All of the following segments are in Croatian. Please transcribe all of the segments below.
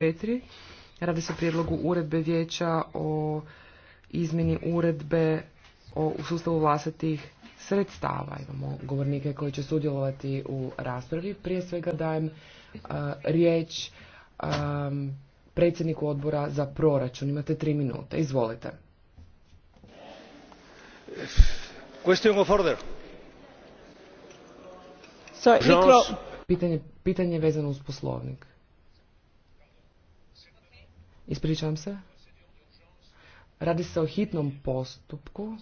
4. Radi se o prijedlogu uredbe vijeća o izmjeni uredbe o, u sustavu vlastitih sredstava. Imamo govornike koji će sudjelovati u raspravi. Prije svega dajem riječ predsjedniku odbora za proračun. Imate tri minute. Izvolite. Question of order. Pitanje, pitanje vezano uz poslovnik. Ispričavam se. Radi se o hitnom postupku.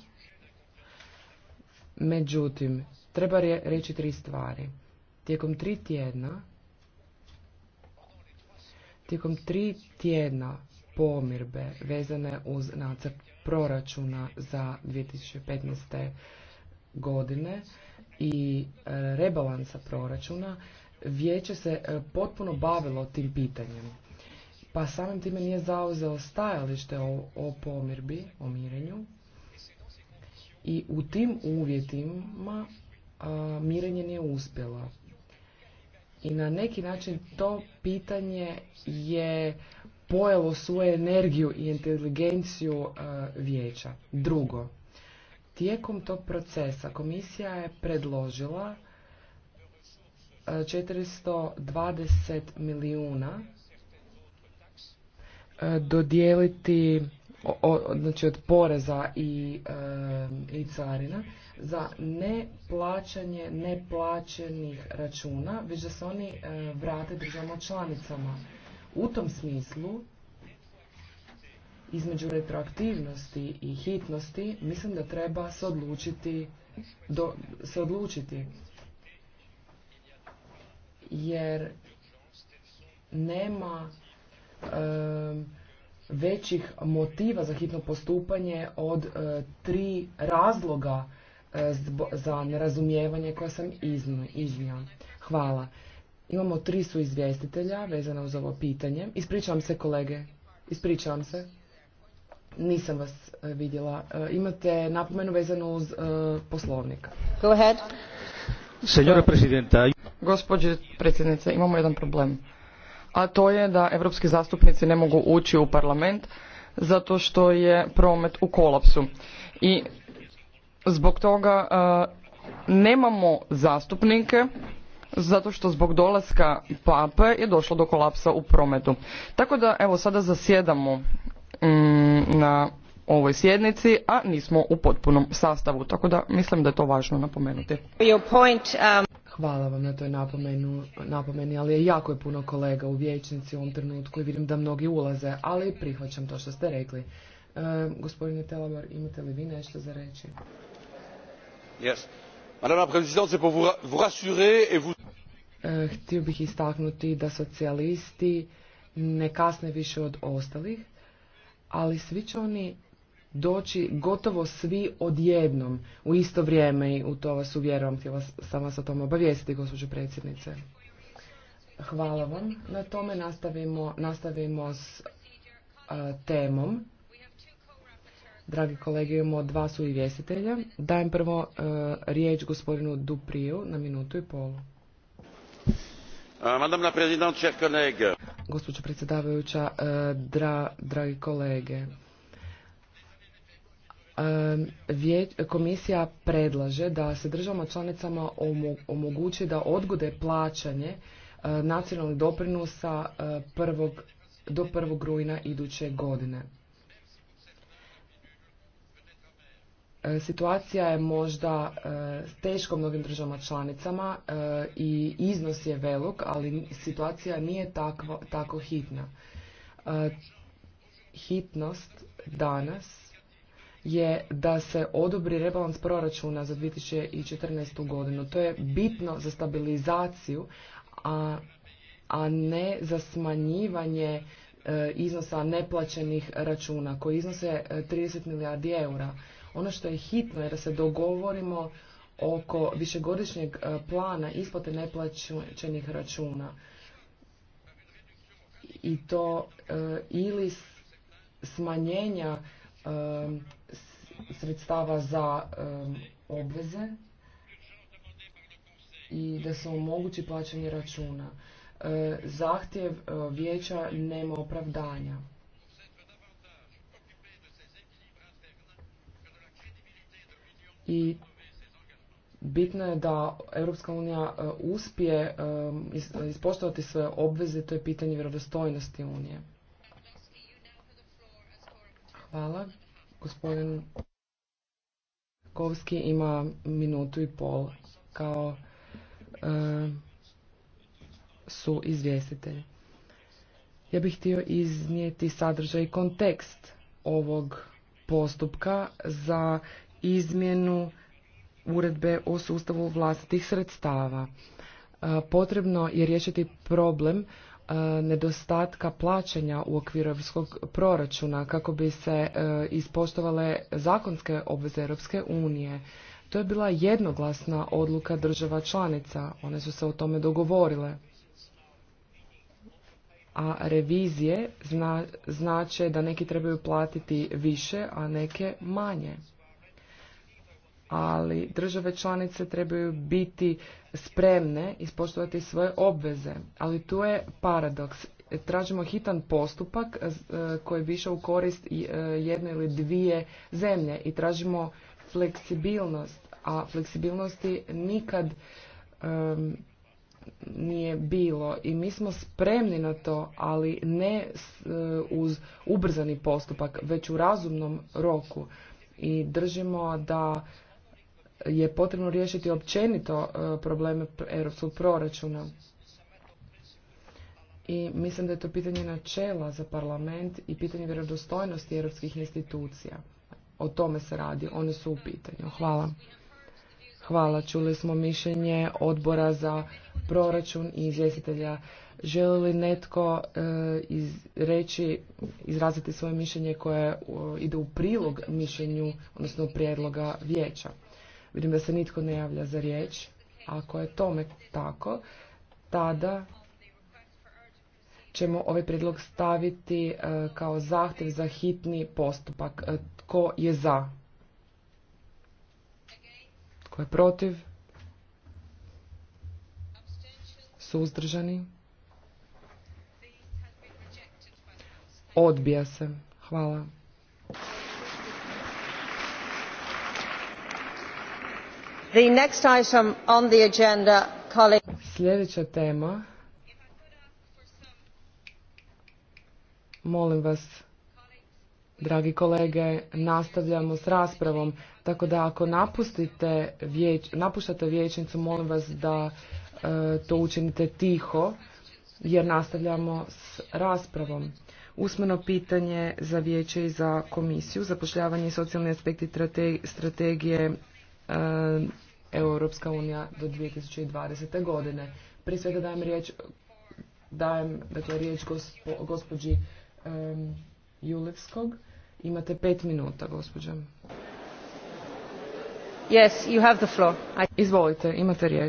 Međutim, treba reći tri stvari. Tijekom tri tjedna tijekom tri tjedna pomirbe vezane uz nacrt proračuna za 2015. godine i e, rebalansa proračuna, vijeće se e, potpuno bavilo tim pitanjem pa samim time nije zauzeo stajalište o, o pomirbi, o mirenju. I u tim uvjetima a, mirenje nije uspjelo. I na neki način to pitanje je pojelo svoju energiju i inteligenciju a, vijeća. Drugo, tijekom tog procesa komisija je predložila 420 milijuna E, dodijeliti znači od poreza i, e, i carina za neplaćanje neplaćenih računa, već da se oni e, vrate državama članicama. U tom smislu, između retroaktivnosti i hitnosti, mislim da treba se odlučiti, se odlučiti. jer nema većih motiva za hitno postupanje od e, tri razloga e, za nerazumijevanje koje sam iznio. Hvala. Imamo tri su izvjestitelja vezano uz ovo pitanje. Ispričavam se kolege. Ispričavam se. Nisam vas e, vidjela. Imate napomenu vezanu uz poslovnika. Go ahead. Senjora predsjednice, imamo jedan problem a to je da europski zastupnici ne mogu ući u parlament zato što je promet u kolapsu. I zbog toga e, nemamo zastupnike zato što zbog dolaska pape je došlo do kolapsa u prometu. Tako da evo sada zasjedamo mm, na ovoj sjednici, a nismo u potpunom sastavu, tako da mislim da je to važno napomenuti. Um, Hvala vam na toj napomenu, napomeni, ali je jako je puno kolega u vijećnici u ovom trenutku i vidim da mnogi ulaze, ali prihvaćam to što ste rekli. E, gospodine Telamar, imate li vi nešto za reći? E, htio bih istaknuti da socijalisti ne kasne više od ostalih, ali svi će oni doći gotovo svi odjednom u isto vrijeme i u to vas uvjerujem. Htjela sam vas o tom obavijestiti, gospođo predsjednice. Hvala vam. Na tome nastavimo, nastavimo s temom. Dragi kolege, imamo dva su vjestitelja. Dajem prvo riječ gospodinu Dupriju na minutu i polu. Madame la Gospođo predsjedavajuća, dragi kolege, komisija predlaže da se državama članicama omogući da odgode plaćanje nacionalnog doprinosa prvog, do 1. rujna iduće godine. Situacija je možda teško mnogim državama članicama i iznos je velik, ali situacija nije tako hitna. Hitnost danas je da se odobri rebalans proračuna za 2014. godinu. To je bitno za stabilizaciju, a, a ne za smanjivanje e, iznosa neplaćenih računa koji iznose 30 e, milijardi eura. Ono što je hitno je da se dogovorimo oko višegodišnjeg e, plana isplate neplaćenih računa. I to ili smanjenja Um, sredstava za um, obveze i da se omogući plaćanje računa. Uh, zahtjev uh, vijeća nema opravdanja. I bitno je da Europska unija uh, uspije um, ispoštovati svoje obveze, to je pitanje vjerodostojnosti unije. Hvala. Gospodin Kovski ima minutu i pol kao e, su izvjestitelj. Ja bih htio iznijeti sadržaj i kontekst ovog postupka za izmjenu uredbe o sustavu vlastitih sredstava. E, potrebno je riješiti problem E, nedostatka plaćanja u okviru europskog proračuna kako bi se e, ispoštovale zakonske obveze Europske unije. To je bila jednoglasna odluka država članica. One su se o tome dogovorile. A revizije znače da neki trebaju platiti više, a neke manje ali države članice trebaju biti spremne ispoštovati svoje obveze. Ali tu je paradoks. Tražimo hitan postupak e, koji bi u korist e, jedne ili dvije zemlje i tražimo fleksibilnost, a fleksibilnosti nikad nije bilo i mi smo spremni na to, ali ne e, uz ubrzani postupak, već u razumnom roku i držimo da je potrebno riješiti općenito e, probleme europskog proračuna. I mislim da je to pitanje načela za parlament i pitanje vjerodostojnosti europskih institucija. O tome se radi, one su u pitanju. Hvala. Hvala, čuli smo mišljenje odbora za proračun i izvjestitelja. Želi li netko e, reći, izraziti svoje mišljenje koje e, ide u prilog mišljenju, odnosno prijedloga vijeća? Vidim da se nitko ne javlja za riječ. Ako je tome tako, tada ćemo ovaj prijedlog staviti e, kao zahtjev za hitni postupak. E, tko je za? Tko je protiv? Suzdržani? Odbija se. Hvala. Sljedeća tema. Molim vas, dragi kolege, nastavljamo s raspravom. Tako da ako napustite napuštate vijećnicu, molim vas da e, to učinite tiho, jer nastavljamo s raspravom. Usmeno pitanje za vijeće i za komisiju, zapošljavanje i socijalni aspekti strategije E, Europska unija do 2020. godine. Prije svega dajem riječ, dajem, dakle, riječ gospo, gospođi Julevskog. Imate pet minuta, gospođa. Yes, you have the floor. I... Izvolite, imate riječ.